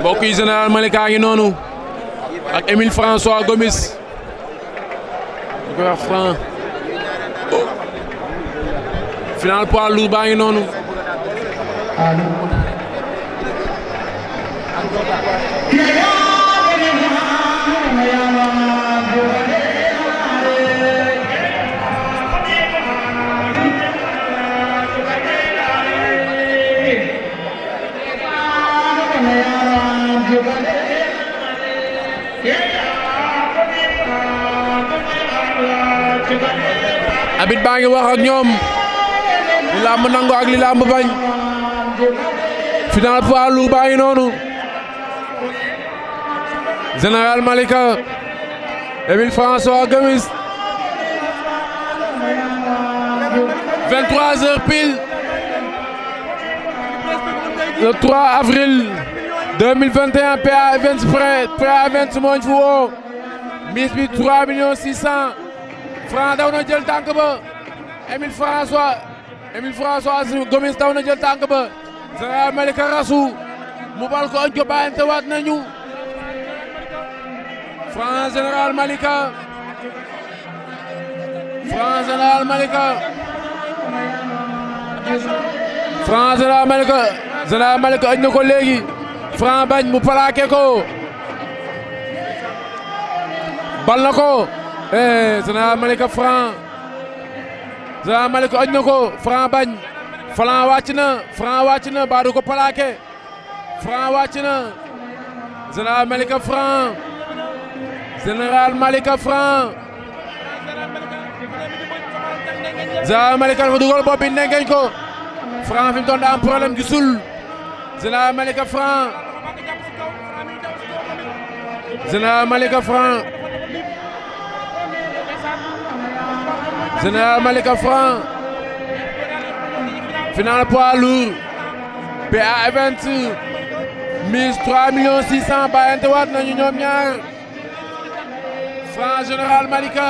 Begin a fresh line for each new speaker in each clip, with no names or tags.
mbokk yi général Malika ngi noonu ak Émile François Gomis ñu koy wax Franc oh. final poids lourd baa ngi noonu. abit baa ngi wax ak ñoom li làmb nangu ak li làmb bañ final poids lourd baa ngi noonu général Malika Émile François Gomis 23 heures pile le avril 2021 PA Events Prêt Prêt Events moo ñu fi woo Franc daw na jël tànk ba Émile François Émile François Gomis daw na jël tànk ba Général Malika rasu mu bal ko añ ko bàyyante nañu Franc Général Malika Franc Général Malika Franc Malika Général ko léegi Franc bañ mu plaqué ko bal na ko Général eh, Malika Franc Général Malika oj na ko Franc bañ Franc wàcc na Franc wàcc na ba du ko plaqué Franc wàcc na Général Malika Franc Général Malika Franc Général Malika dafa dugal bopp bi ndengeñ ko Franc fi mu doon daa am problème gisul Général Malika Franc Général Malika Franc Général Malika Franc final poids lourd PA Events mise 3 millions 600 bàyyante waat nañu ñoom ñaar Franc Général Malika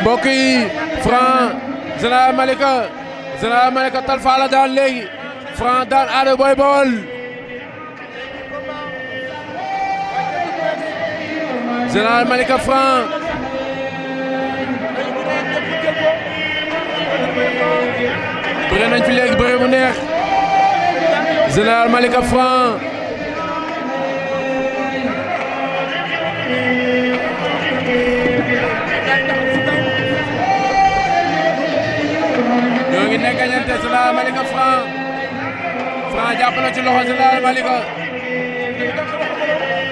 mbokk yi Général Malika Général Malika tal fa la daan léegi Franc daan aada boy Général Malika Franc bëre nañ fi léegi bëre bu neex Général Malika Franc ñoo ngi nekk ñeente Général Malika Franc Franc jàpp na ci loxo Général Malika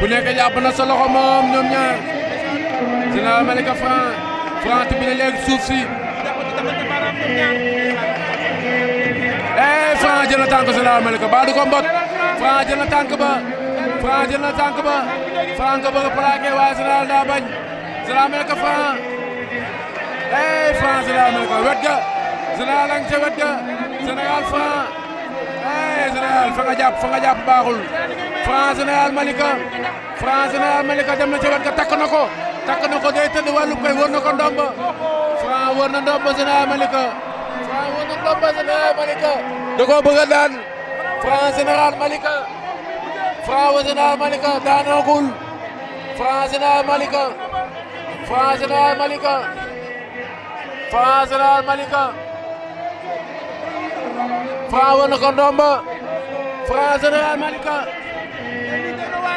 ku nekk jàpp na sa loxo moom ñoom ñaar général Malika Franc Franc bi ne léegi suuf si eh Franc jël na tànk général Malika ba du ko mbot Franc jël na tànk ba Franc jël na tànk ba Franc nga bëgg a plaqué waaye général daa bañ général Malika Franc eh Franc général Malika wet ga général lañ ca wet ga général Franc eh général fa nga jàpp fa nga jàpp baaxul. Franc Général Malika Franc Général Malika dem na ci wet ga takk na ko takk na ko day tëdd wàllu koy wër na ko ndomba Franc wër na ndomba Général Malika Franc wër na ndomba Général Malika da koo bëgg a daan Franc Général Malika Franc Général Malika daanoogul Franc Général Malika Franc Général Malika Franc Général Malika Franc wër na ko ndomba Franc Général Malika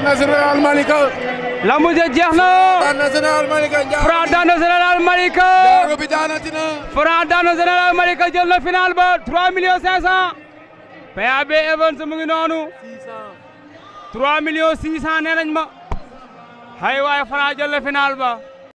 daan na na. daan na général Malika. Franc na général Malika. jaaro bi daanati na. Franc daan na général ba 3 millions 500. PAB Evans mu ngi noonu. 3 millions 600 ma. hay waay Franc jël na ba.